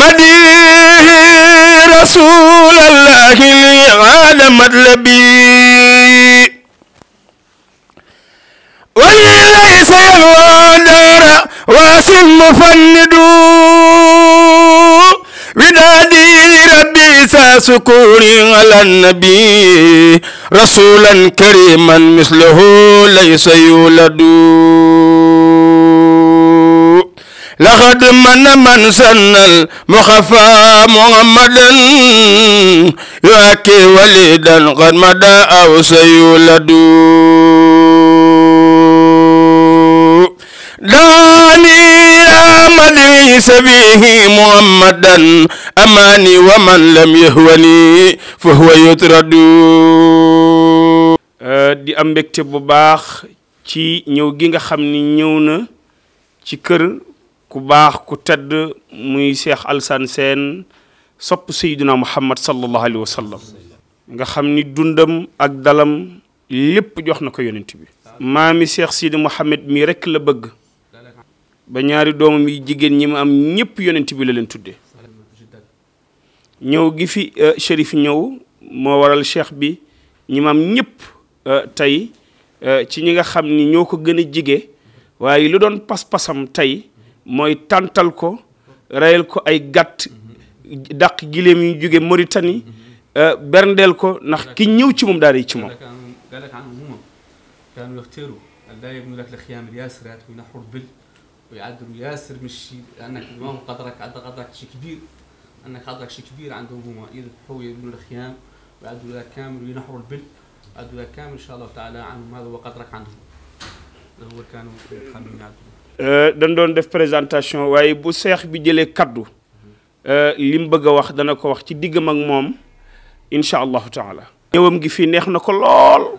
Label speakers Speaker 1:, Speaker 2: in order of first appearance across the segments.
Speaker 1: مدي رسول الله لي هذا مطلبي ولي ليس دار واسم مفند ودادي ربي سكوري على النبي رسولا كريما مثله ليس يولد لقد من من سن المخفى محمدا يؤكي وليدا قد مدى أو سيولد داني يا مدعي سبيه محمدا
Speaker 2: أماني ومن لم يهوني فهو يطرد di am mbégte bu baax ci ñëw gi nga xam ni ñëw na ci kër ku baax ku tedd muy Cheikh Alassane Sène sopp Seydina Muhammad sallallahu wa sallam nga xam ni dundam ak dalam lépp jox na ko yonent bi maami Cheikh Sidi Mouhamed mii rekk la bëgg ba ñaari doomam yi jigéen ñi mu am ñëpp yonent bi la leen tudde ñëw gi fi shérif euh, ñëw moo waral cheikh bi ñi mu am ñëpp euh, tey euh, ci ñi nga xam ni ñoo ko gën a jige waaye lu doon pas-pasam tey mooy tàntal ko reyal ko ay gàtt dàq giléem yu jóge Mauritanie berndeel ko ndax ki ñëw ci moom daal di ci moom
Speaker 3: ويعذروا ياسر من الشيء لانك ما هو قدرك عند قدرك شيء كبير انك قدرك شيء كبير عندهم هما يذبحوا يبنوا الخيام ويعدوا ذا كامل وينحروا البل ويعدوا ذا كامل ان شاء الله تعالى عنهم هذا هو قدرك عندهم هو كانوا يخلون
Speaker 2: يعدوا Euh, dañ doon def présentation waaye bu seex bi jëlee kaddu euh, li mu bëgg a wax dana ko wax ci diggam ak moom incha allahu taala. ñëwam gi fii neex na ko lool.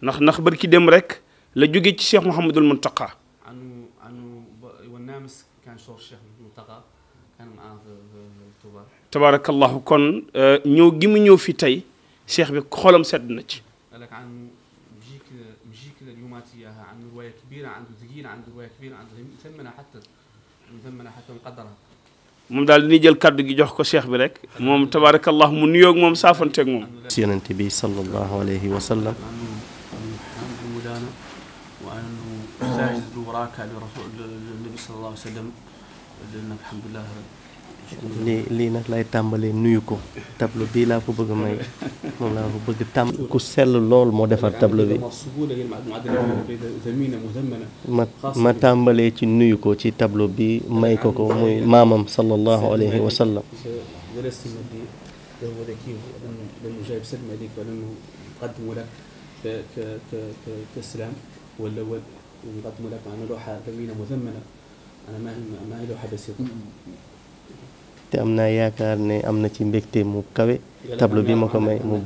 Speaker 2: ndax ndax barki dem rek la jóge ci cheikh Mouhamadul Muntaqa. tabaarakallahu kon euh, ñëw gi mu ñëw fi tey. cheikh bi xolam sedd na ci. moom daal di jël kaddu gi jox ko cheikh bi rek moom tabaarakallah mu nuyoog moom saafanteeg moom.
Speaker 4: yonent bi sallallahu alayhi wa sallam.
Speaker 3: وأنه ساجد وراك لرسول النبي صلى الله عليه وسلم لأن الحمد لله
Speaker 4: lii lii nag lay tàmbalee nuyu ko tableau bii laa ko bëgg a may moom laa ko bëgg tàmb ku sell lool moo defar tableau bi ma ma tàmbalee ci nuyu ko ci tableau bi may ko ko muy maamam sallallahu alayhi wa
Speaker 3: sallam وقدموا لك معنا لوحة ثمينة مذمنة أنا ما هي ما هي لوحة بسيطة
Speaker 4: am na yaakaar ne am na ci mbégte mu kawe tableau bi ma ko may mu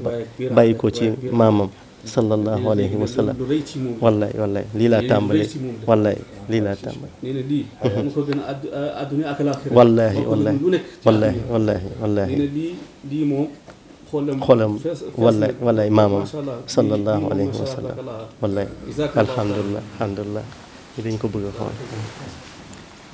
Speaker 4: bàyyi ko ci maamam sallallahu alayhi wa sallam wallaay wallaay lii laa tàmbale wallaay lii laa tàmbale
Speaker 3: wallaahi wallaahi wallaahi wallaahi wallaahi xolam wallaay wallaay maamam sallallahu alayhi
Speaker 4: dañ ko bëgg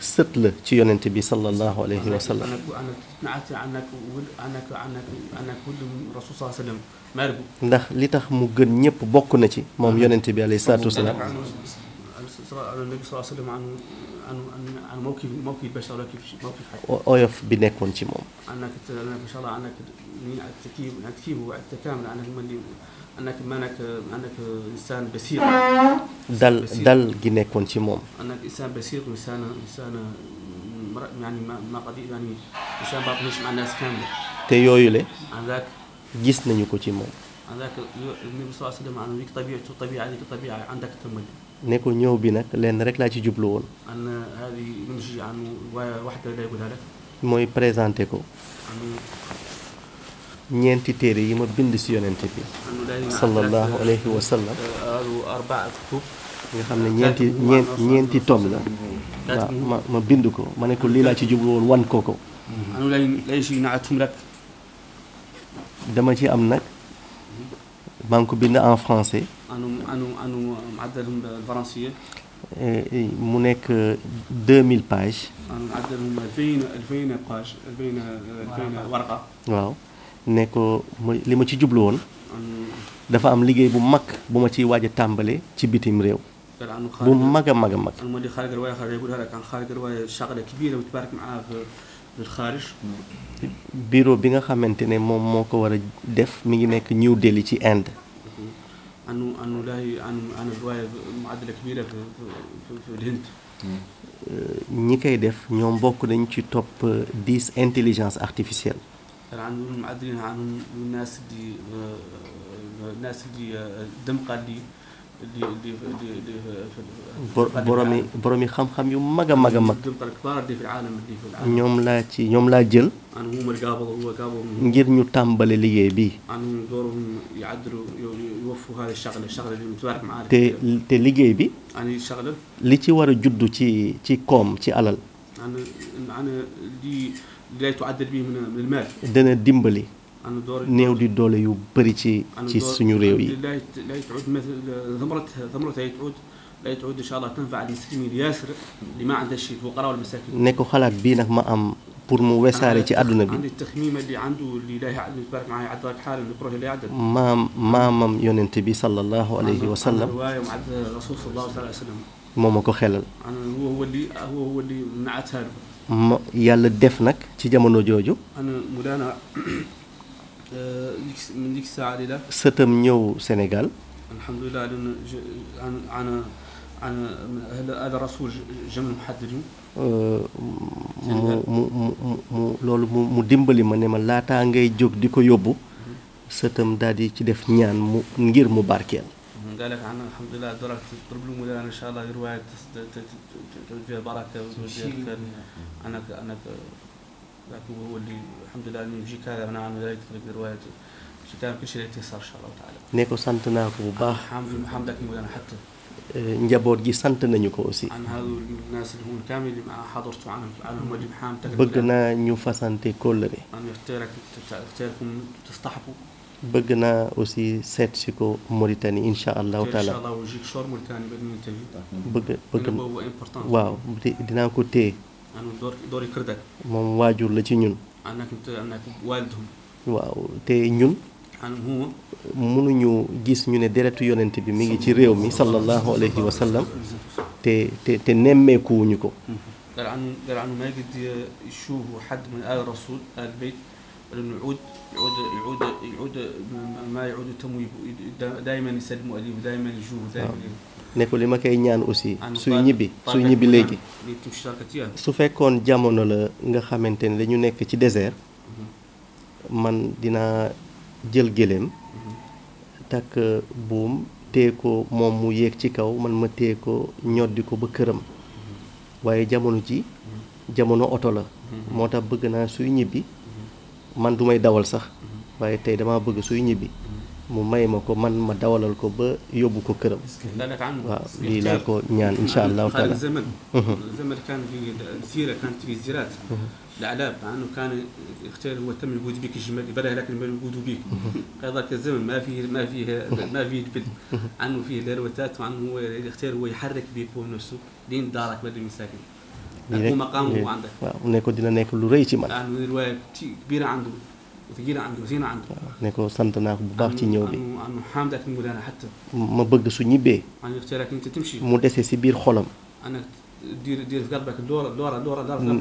Speaker 4: sët la ci yonent bi sallallahu alayhi wa sallam ndax li tax mu gën ñëpp bokk na ci moom yonent bi alayhi salaatu wa salaam oyof bi nekkoon ci moom
Speaker 3: أنك منك أنك إنسان بسيط دل
Speaker 4: دل جنك كنت موم
Speaker 3: أنك إنسان بسيط وإنسان إنسان يعني ما ما قدير يعني إنسان بعطيش مع الناس كاملة
Speaker 4: تيويلة عندك جسنا نيكو تي موم
Speaker 3: عندك النبي صلى الله عليه وسلم عن ذيك طبيعته طبيعة هذيك طبيعة عندك تمل
Speaker 4: ne ko ñëw bi nag lenn rek laa ci jublu woon.
Speaker 3: an hadi numji an waaye wax dëgg la day guddal rek.
Speaker 4: mooy présenté ko. ñeenti téere yi ma bind ci yonent bi nga xam ne ñeenti ñeenti tom la ma bind ko ma ne ko lii laa ci jublu woon wan ko ko dama ci am nag maa ngi bind en français mu nekk 2000 pages waaw ne ko li ma ci jublu woon dafa am liggéey bu mag bu ma ciy waaj a ci bitim réew bu mag a mag a mag bureau bi nga xamante ne moom moo ko war a def mi ngi nekk ñiw Delhi ci Inde ñi koy def ñoom mbokk nañ ci topp dix intelligence artificielle
Speaker 3: عنهم معذرين عنهم الناس اللي
Speaker 4: boromi xam-xam yu mag a mag a mag
Speaker 3: ñoom laa ci ñoom laa jël ngir
Speaker 4: ñu tàmbale liggéey bi te te liggéey bi li ci war a juddu ci ci koom ci alal
Speaker 3: dana dimbali néew di
Speaker 4: doole yu bëri ci ci suñu réew yi ne ko xalaat bii nag ma am pour mu wesaare ci àdduna
Speaker 3: bi
Speaker 4: maam maamam yonent bi sallallahu alayhi wa sallam moo ma ko xelal ma yàlla def nag ci jamono jooju euh, sëtam ñëw Sénégal alhamdulilah mu mu mu loolu mu dimbali ma ne ma laataa ngay jóg di ko yóbbu mhm. sëtam daal ci def ñaan mu ngir mu barkeel
Speaker 3: من قال لك عنها الحمد لله دورك تضرب له مولانا ان شاء الله روايه تعود فيها بركه وتعود فيها خير انك انك يعقوب هو اللي الحمد لله انه يجيك هذا من عام ذلك لك روايه ci kanam ku ci lay tiisar incha allahu taala. ne ko sant naa ko bu baax. alhamdulilah alhamdulilah xatta.
Speaker 4: njaboot gi sant nañu ko aussi. bëgg naa ñu fasante kóllëre. bëgg naa aussi seet si ko Mauritanie incha allahu taala
Speaker 3: bëgg waaw
Speaker 4: dinaa ko téye moom waajur la ci ñun
Speaker 3: waaw
Speaker 4: ñun mënuñu gis ñu ne deretu yonent bi mi ngi ci réew mi sallallahu alayhi wa te nemmeekuwuñu ko
Speaker 3: dara anu dara anu maa ngi di eh, shuubu xadd min aal rasul aal bayt al يعود يعود يعود ما يعود تمويب دائما يسد مؤلف دائما يجوب
Speaker 4: li ma koy ñaan aussi suy ñibbi suy ñibbi léegi su fekkoon jamono la nga xamante ne dañu nekk ci désert mhm. man dinaa jël géléem mhm. takk buum téye moom mu yéeg ci kaw man ma téye ko ñoddi ko ba këram mhm. waaye jamono ji jamono oto la moo tax bëgg naa suy ñibbi man du may dawal sax waaye tey damaa bëgg suy ñibbi mu may ma ko man ma dawalal ko ba yóbbu ko këram waaw lii laa ko ñaan insha allahu taala
Speaker 3: الأعلام مع أنه كان يختار هو تم الوجود بك جمال البلاء لكن الوجود بك ذاك الزمن ما فيه ما فيه ما فيه البدء عنه فيه لاروتات وعنه يختار هو يحرك بيكون نفسه لين دارك بدل المساكن nii rek
Speaker 4: waaw ne ko dina nekk lu rëy ci man. Ah, waaw ne ko sant naa ko bu baax ci ñëw bi. ma bëgg su ñibbee.
Speaker 3: mu desee si biir xolam.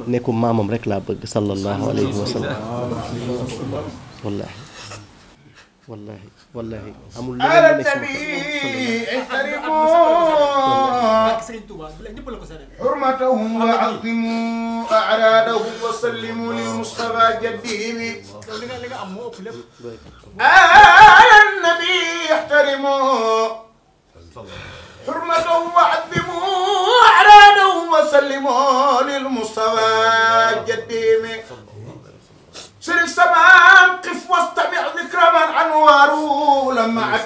Speaker 4: ne ko maamam rek laa bëgg sallallahu alayhi wa sallam. wallahi wallahi amul lu
Speaker 5: leen xurmatahum wa azimu aradahum wa sallimu li mustafa jaddihim
Speaker 4: ala
Speaker 5: nabi ihtarimu حرمتهم وعظموا أعراضهم وسلموا للمصطفى جدهم شرف سمعان قف واستمع ذكر من انواره لمعت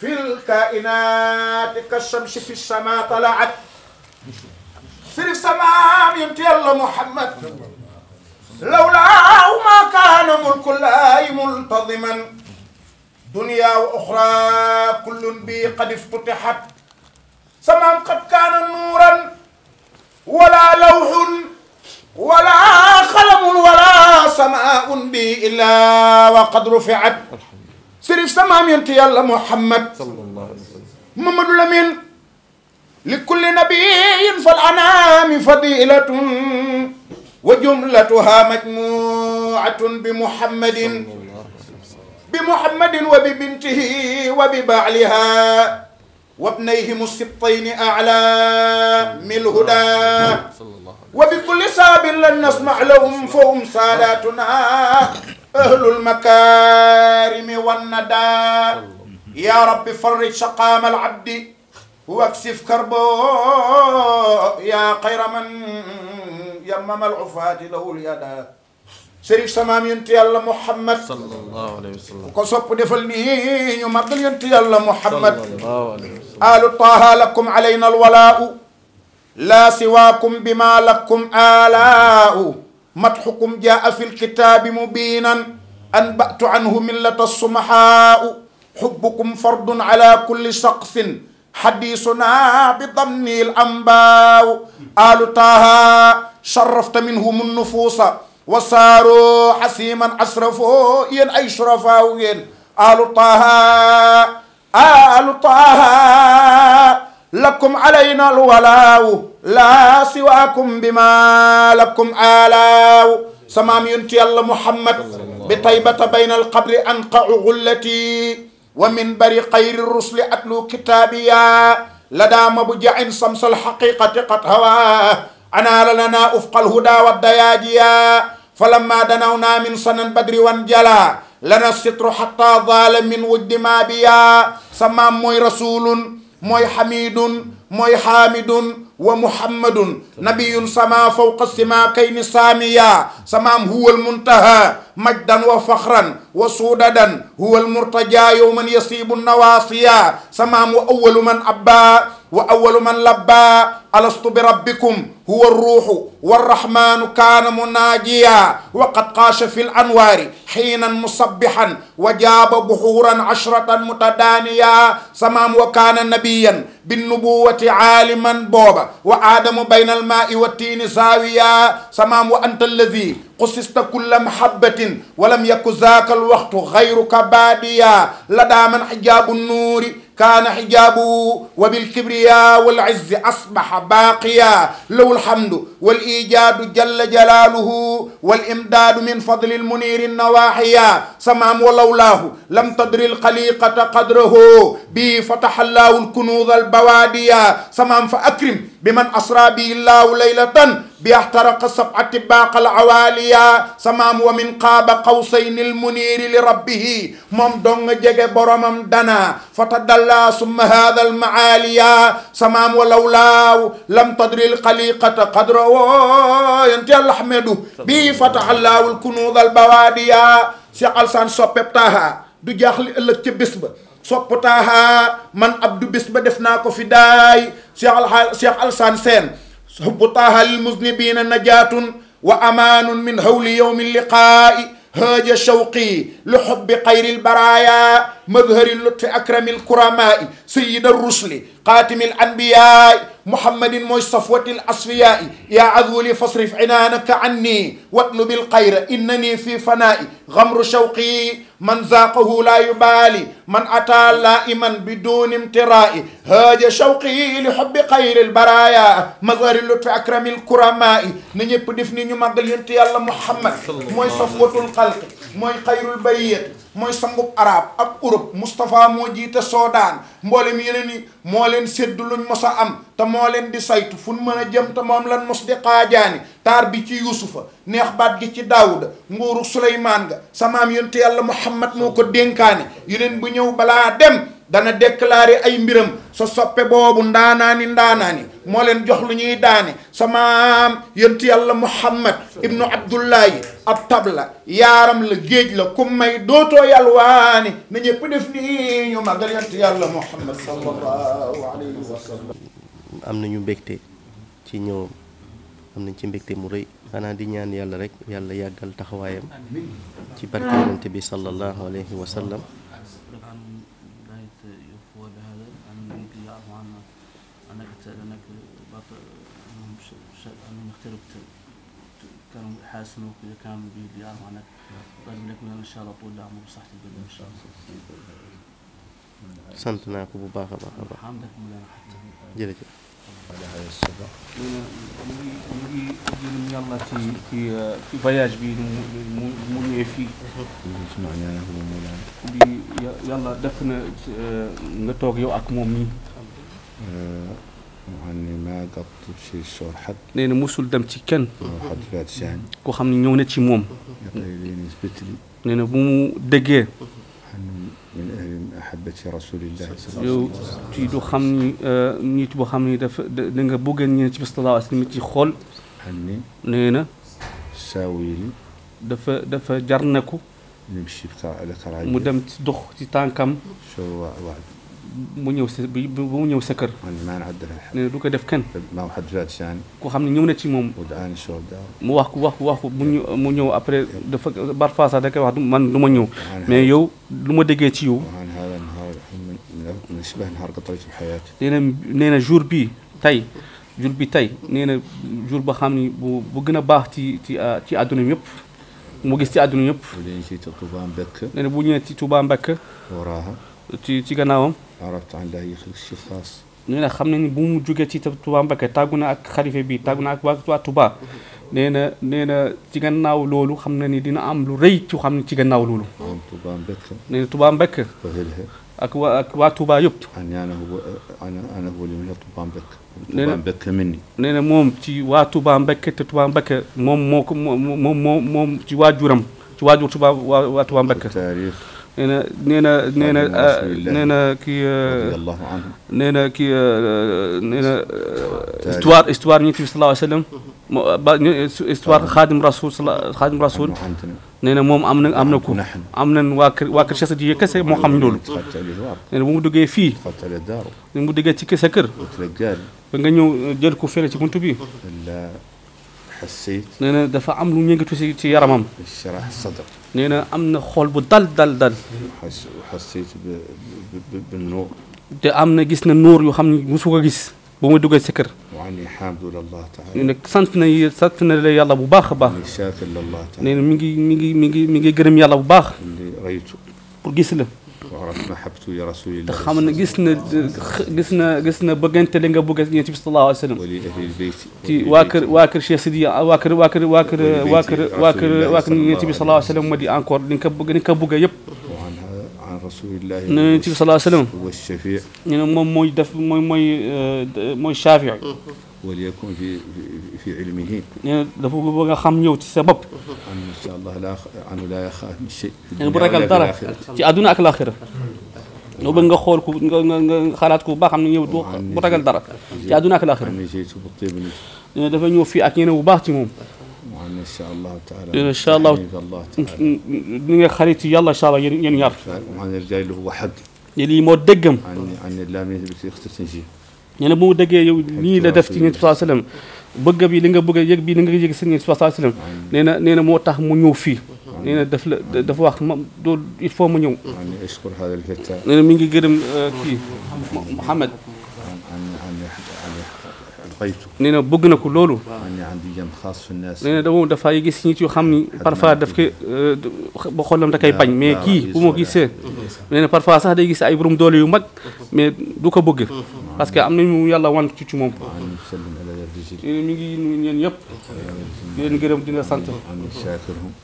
Speaker 5: في الكائنات كالشمس في السماء طلعت شرف سمعان يمتي الله محمد لولاه ما كان ملك الله منتظما دنيا واخرى كل بي قد افتتحت سمام قد كان نورا ولا لوح wala xalamun wala samaun bi illa wa qad rufiat sërif samaam yonent yàlla Muhammad Mamadou Lamine li kulli nabiyin fal anaami fadilatun wa jumlatuha majmuatun bi Muhammadin bi Muhammadin wa bi bintihi wa bi baaliha وابنيهم السبطين أعلى من الهدى وبكل صاب لن نسمع لهم فهم ساداتنا أهل المكارم والندى يا رب فرج شقام العبد واكسف كربه يا خير من يمم العفاة له اليدا sërif samaam yonent yàlla muhammad sallallahu alayhi wa sallam ko sopp defal nii ñu màggal yonent yàlla muhammad qaalu taaha lakum alayna alwalaau laa siwaakum bima lakum aalaau matxukum jaa fi lkitaabi mubiinan anbatu anhu millata sumahaau xubbukum fardun ala kulli saqfin xadiisunaa bi damni l ambaaw aalu taaha sharafta minhum nnufuusa wa saaro xasiiman asrafoo yéen ay surafaaw ngeen aalu taaha آل طه لكم علينا الولاو لا سواكم بما لكم آلاو سمام ينتي يلا محمد بطيبة بين القبر أنقع غلتي ومن بري خير الرسل أتلو كتابيا لدى مبجع صمص الحقيقة قد هواه أنا لنا أفق الهدى والدياجيا فلما دنونا من سنن بدر وانجلا lana sitru xatta zaala min wujdimaa bi yaa sa maam mooy rasulun mooy xamidun mooy xaamidun wa muhammadun nabiyun sama fawqa sima kayni saamiya samaam huwa almuntaha majdan wa faxran wa suudadan huwa almurtaja yowman yasibu nawaasiya samaam wa awalu man abba wa awalu man labba alastu bi rabbikum huwa ruuxu warrahmaanu kaana munaajiya wa qad qaasha fi l anwaari xiinan musabbihan wa jaaba buxuuran ashratan mutadaaniya samaam wa kaana nabiyan binnubuwati aaliman booba wa aadamu bayna almaai wa tiini saawiya samaam wa anta alladi qusista kulla mahabbatin wa lam yaku zaaka alwaxtu gayruka baadiya ladaa man xijaabu nuuri kaana xijaabu wa bilkibriya wal izzi asbaxa باقيا له الحمد والإيجاد جل جلاله والإمداد من فضل المنير النواحيا سمام ولولاه لم تدر القليقة قدره بي فتح الله الكنوز البواديا سمام فأكرم bi man asra bi illaahu laylatan bi axtaraqa sabati baaqal awaaliya samaam wa min qaaba qawsayni almuniiri li rabbihi moom dong jege boromam dana fa tadalla summa haada almaaliya samaam wa lawlaaw lam tadri alxaliqata qadra yonent Yàlla ahmedu bi fataha allaahu alkunuuz albawaadiya Cheikh Alassane Sopé Taha du jaaxle ëllëg ca bés ba sopp taaha man abdu bis ba def naa ko fi daay cheikh al cheikh alsaan seen hubbu taaha lil muznibina najaatun wa amaanun min hawli yowmi liqaa'i haaja shawqi li hubbi xayril baraaya madhari lutfi akramil kuramaa'i sayyida rusli xaatimil anbiyaa'i muhammadin mooy safwatil asfiyaa'i yaa adwuli fasrif inaanaka anni watlubil xayra innani fi fanaa'i xamru shawqi man zaaqahu laa yubaali man ataa laa'iman biduuni imtiraa'i haaja shawqi li xubbi xayril baraaya mazhari lutfi akramil kuramaa'i na ñëpp def ni ñu màggal yonent yàlla muhammad mooy safwatul xalqi mooy xayrul bariyat mooy sangub araab ak Europe Moustapha moo jiite Soodaan mboolem yeneen yi moo leen séddu luñ mos a am ta moo leen di saytu fu nu mën a jëm te moom lan mos di xaajaani taar bi ci yuusufa neex baat gi ci daawuda nguuru suleymaan nga samaam yonte yàlla muhammad moo ko dénkaane yeneen bu ñëw balaa dem dana déclarer ay mbiram sa soppe boobu ndaanaani ndaanaani moo leen jox lu ñuy daane sa maam yàlla muhammad ibnu abdullahi ab tab la yaaram la géej la kum may dootoo yalwaani na ñëpp def nii ñu magal yonent yàlla muhammad sallallahu alayhi wa sallam
Speaker 4: am nañu mbégte ci ñëwam am nañ ci mbégte mu rëy xanaa di ñaan yàlla rek yàlla yàggal taxawaayam ci barke yonent bi sallallahu alayhi wa
Speaker 3: حاسنوا كانوا به ديارهم هناك فنكون ان شاء الله طول العمر بصحه البلد ان شاء الله
Speaker 4: sant naa ko bu baax a baax a baax. jërëjëf.
Speaker 3: ñu ngi ñu ngi gërëm yàlla ci ci ci voyage bi mu mu ñëwee fii. di yàlla def na nga toog yow ak moom mii. nee na mosul dem ci kenn. koo xam
Speaker 6: ne ñëw na ci moom.
Speaker 3: nee na bu mu déggee. yow ci du xam ni euh, nit boo xam ni dafa da nga bëgg ñeneen ci sallallahu alayhi wa sallam ci xool. nee na. dafa dafa jar na ko. mu dem ci dox ci tànkam. mu ñëw sa bi ba mu ñëw sa kër. nee na du ko def kenn. ku xam ne ñëw na ci moom. mu wax ku wax ku wax mu ñu mu ñëw après dafa parfois sax da koy wax man du ma ñëw. mais yow lu ma déggee ci
Speaker 6: yow. nee na nee
Speaker 3: na jour bii tey jour bi tey nee na jour ba xam ni bu bu gën a baax ci ci ci àdduna yëpp. mu gis ci àdduna yëpp. nee na bu ñëwee ci Touba Mbekk.
Speaker 6: ci ci gannaawam.
Speaker 3: nee na xam na ni bu mu jógee ci Touba Mbacké tàggu na ak xalife bi tàggu na ak waa Touba nee na nee na ci gannaaw loolu xam na ni dina am lu rëy ci xam ne ci gannaaw loolu. nee na Touba Mbacké. ak waa ak waa Touba yëpp. nee na nee na moom ci waa Touba Mbacké te Touba Mbacké moom moo ko moom moom moom ci waajuram ci waajur Touba waa Touba Mbacké. nee na nee na nee na ah, nee na kii ah, nee na kii nee na histoire histoire ñu ngi ci sallallahu alayhi wa sallam histoire ah, xaadim rasul xaadim rasul nee na moom am na am na ko am nañ waa kër waa kër Cheikh Sadie kese moo xam loolu nee na bu mu duggee fii bu mu duggee ci kese kër ba nga ñëw jël ko fële ci buntu bi xasayt nee na dafa am lu ñëngatu si ci yaramam. ishrah sadr. nee na am na xool bu dal dal dal. xasayt bi bi nuur. te am na gis na nuur yoo xam ne mosu ko gis. bu ma duggee sa kër.
Speaker 6: waa ni alhamdulillah taala. nee na
Speaker 3: sant na sant na la yàlla bu baax a baax. nee na mi ngi mi ngi mi ngi mi ngi gërëm yàlla bu baax. pour gis la.
Speaker 6: waxrasna habtu ya rasulillah te xam
Speaker 3: na gis na gis na gis na bëggante li nga bëgg yonent bi sallallahu alayhi wa sallam ci waa kër waa kër Cheikh Sidi waa kër waa kër waa kër waa kër waa kër waa kër yonent bi sallallahu alayhi wa sallam ma di encore li nga ko bëgg li nga ko bëgg yëpp
Speaker 6: rasulillah ne yonent bi sallallahu alayhi wa sallam
Speaker 3: ñu ne moom mooy def mooy mooy mooy shaafi
Speaker 6: wala yakun fi fi ilmihi. nee na dafa bëgg a xam yow ci sa bopp. incha allah laa anu laa xaaf min shay. nee na bu ragal dara ci àdduna ak laaxira.
Speaker 3: loo bëgg nga xool ku nga nga nga xalaat ku baax xam ne yow du bu ragal dara ci àdduna ak laaxira.
Speaker 6: nee
Speaker 3: na dafa ñëw fii ak ñeneen bu baax ci moom.
Speaker 6: incha allah
Speaker 3: taala incha allah ni nga xarit yàlla incha allah yéen ñaar. lii moo déggam. nee na bu mu yow lii la def ci Yonent bi bëgg bi li nga bëgg a yëg bi li nga yëg sëñ bi sallallahu alayhi wasallam nee na nee na moo tax mu ñëw fii nee na daf la dafa wax ma doo il faut ma ñëw nee na mi ngi gërëm euh, kii Mouhamed na bëgg na ko loolu nee na dama dafay gis nit yu xam ni parfois daf koy euh, ba xoolam da koy bañ mais kii bu ma gisee nee na parfois sax day gis ay borom doole yu mag mais du ko bëgg parce que am nañu yàlla wan ci ci moom
Speaker 6: mi
Speaker 3: ngi nuyu ñeen yëpp di leen gërëm di la sant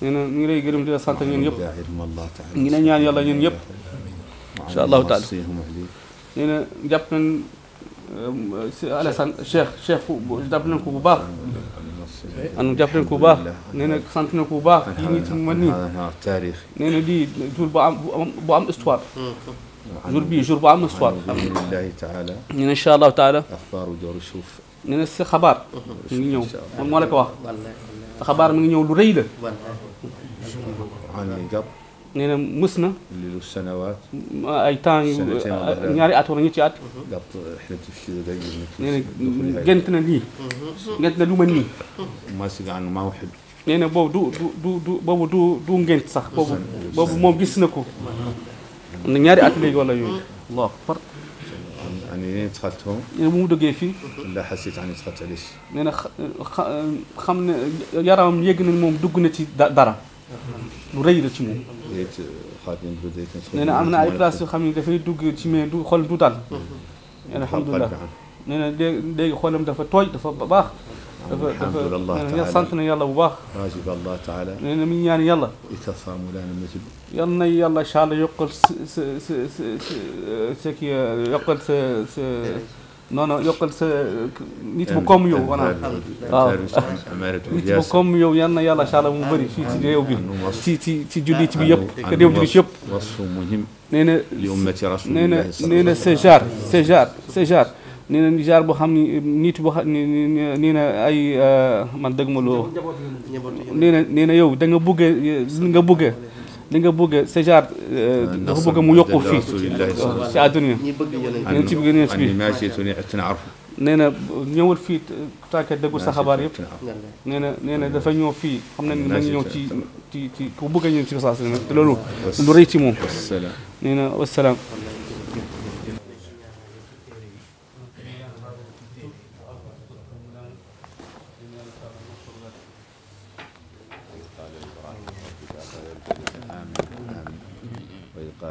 Speaker 3: nee na mi ngi lay gërëm di la sant ñeen yëpp ngi na ñaan yàlla ñeen yëpp incha allahu taala nee na jàpp nañ euh, euh, Alassane Cheikh Cheikh jàpp nañ ko bu baax an jàpp nañ ko bu baax nee na sant nañ ko bu baax yi nit mu mel nii nee na lii tur bu am bu am histoire
Speaker 1: mm-hmm. jour bii jour bu am
Speaker 3: histoire ñu ne incha allahu taala ñu ne si xabaar mi ngi ñëw moom moo la ko wax te xabaar mi ngi ñëw lu rëy la nee na mës na
Speaker 6: ay temps ñaari
Speaker 3: at wala ñetti at nee na gént na lii gént na lu ma nii
Speaker 6: nee na boobu
Speaker 3: du du du du boobu du du ngént sax boobu boobu moom gis na ko am na ñaari at léegi wala yooyu allahu akbar يعني منين دخلتهم؟ مو دقي فيه
Speaker 6: لا حسيت اني دخلت علاش؟
Speaker 3: لان خمن يراهم يقن المهم دقنا تي دارا نريد تي موم
Speaker 6: خاطين بديت لان انا على
Speaker 3: بلاص خمن دافي دق تي مي دو خول دو دال الحمد لله لان ديك خولم دافا توي دافا باخ dafa dafa ña sant na yàlla bu baax
Speaker 6: ajib allah taala
Speaker 3: nee na mi ngi ñaan yàlla
Speaker 6: itasaamulaan masid
Speaker 3: yal na yàlla incha allah yokkal sa sa sa kii yokkal sa sa non non yokkal sa nit bu comme yow maanaam waaw nit bu comme yow yal na yàlla incha allah mu bëri fii ci réew bi ci ci ci jullit bi yëpp te réew jullit yëpp nee na nee na nee na César César César nee na jaar boo xam ni nit boo xam nee na ay euh, man dëgg ma loo nee na nee na yow da nga bëgg nga bëgg li nga bëgg sa jaar euh, ah, dafa bëgg mu yokku fii si àdduna neen ci bëgg neen ci bi nee na ñëwal fii tàkke dëggu sa xabaar yëpp nee na nee na dafa ñëw fii xam na ni dañ ñëw ci ci ci ku bëgg a ñëw ci saa si te loolu lu rëy ci moom nee na wasalaam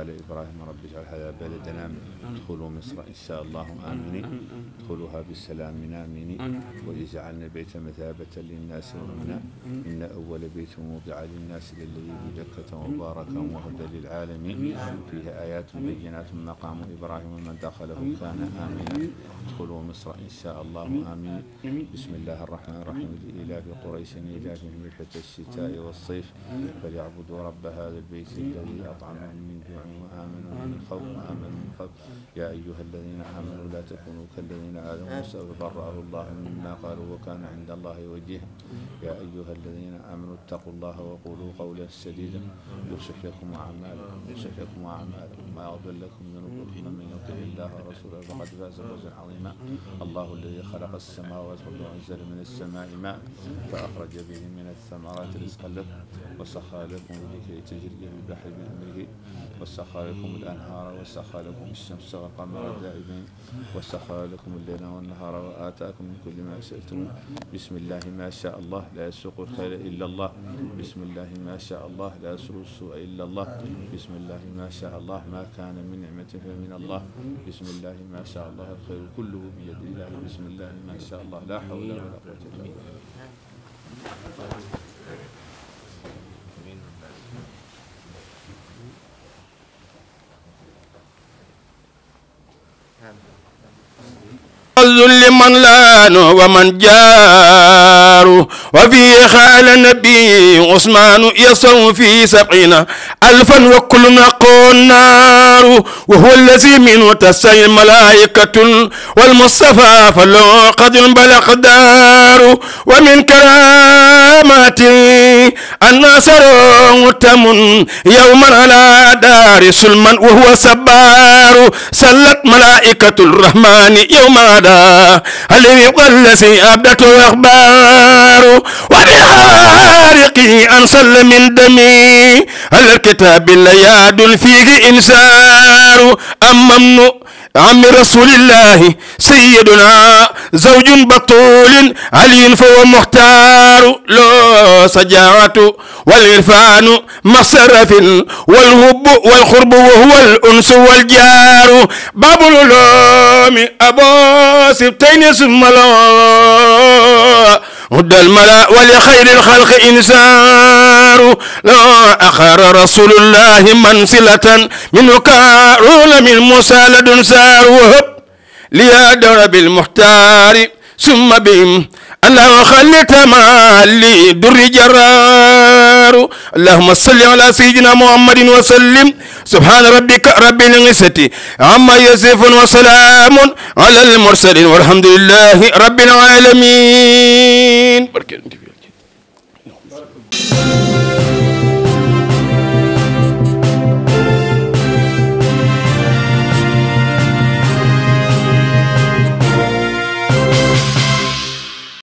Speaker 6: ali ibrahima rabbi ij'al haadha baladanan ادخلوا مصر إن شاء الله آمنين ادخلوها بالسلام من آمنين ويجعلنا البيت مثابة للناس وأمنا إن أول بيت موضع للناس للذي ببكة مباركا وهدى للعالمين فيها آيات بينات مقام إبراهيم من دخله كان آمنا ادخلوا مصر إن شاء الله آمين بسم الله الرحمن الرحيم لإلاف قريش إلافهم رحلة الشتاء والصيف فليعبدوا رب هذا البيت الذي أطعمهم من جوع وآمنوا من خوف وآمنوا من خوف يا أيها الذين آمنوا لا تكونوا كالذين آذوا موسى وبرأه الله مما قالوا وكان عند الله وجيها يا أيها الذين آمنوا اتقوا الله وقولوا قولا سديدا يصلح لكم أعمالكم يصلح لكم أعمالكم ويغفر لكم ذنوبكم ومن يطع الله ورسوله فقد فاز فوزا عظيما الله الذي خلق السماوات والأرض وأنزل من السماء ماء فأخرج به من الثمرات رزقا لكم وسخى لكم به كي تجري البحر بأمره وسخر لكم الأنهار وسخر لكم الشمس والقمر دائبين وسخر لكم الليل والنهار وآتاكم من كل ما سألتم بسم الله ما شاء الله لا يسوق الخير إلا الله بسم الله ما شاء الله لا يسوق السوء إلا الله بسم الله ما شاء الله ما كان من نعمة فمن الله بسم الله ما شاء الله الخير كله بيد الله بسم الله ما شاء الله لا حول ولا قوة إلا بالله
Speaker 1: خذل لمن لان ومن جار وفي خال نبي عثمان يسو في سبعين ألفا وكل نقول الأنوار وهو الذي منه تستعين الملائكة والمصطفى فله قد بلغ دار ومن كراماته أن سره تم يوما على دار سلمان وهو سبار سلت ملائكة الرحمن يوم هذا هل يبقى الذي أبدته أخبار وبحارقه أن سلم من دمي هل الكتاب لياد فيه إنسان الأنوار أممن عم رسول الله سيدنا زوج بطول علي فهو مختار لو سجاعة والعرفان مصرف والهب والقرب وهو الأنس والجار باب العلوم أبو سبتين ثم لا هدى الملا ولخير الخلق إنسان الدار لو أخر رسول الله منزلة من كارون من موسى لدن سار وهب ليادر بالمحتار ثم بهم اللهم خل تمالي در جرار اللهم صل على سيدنا محمد وسلم سبحان ربك رب العزة عما يصفون وسلام على المرسلين والحمد لله رب العالمين Thank you.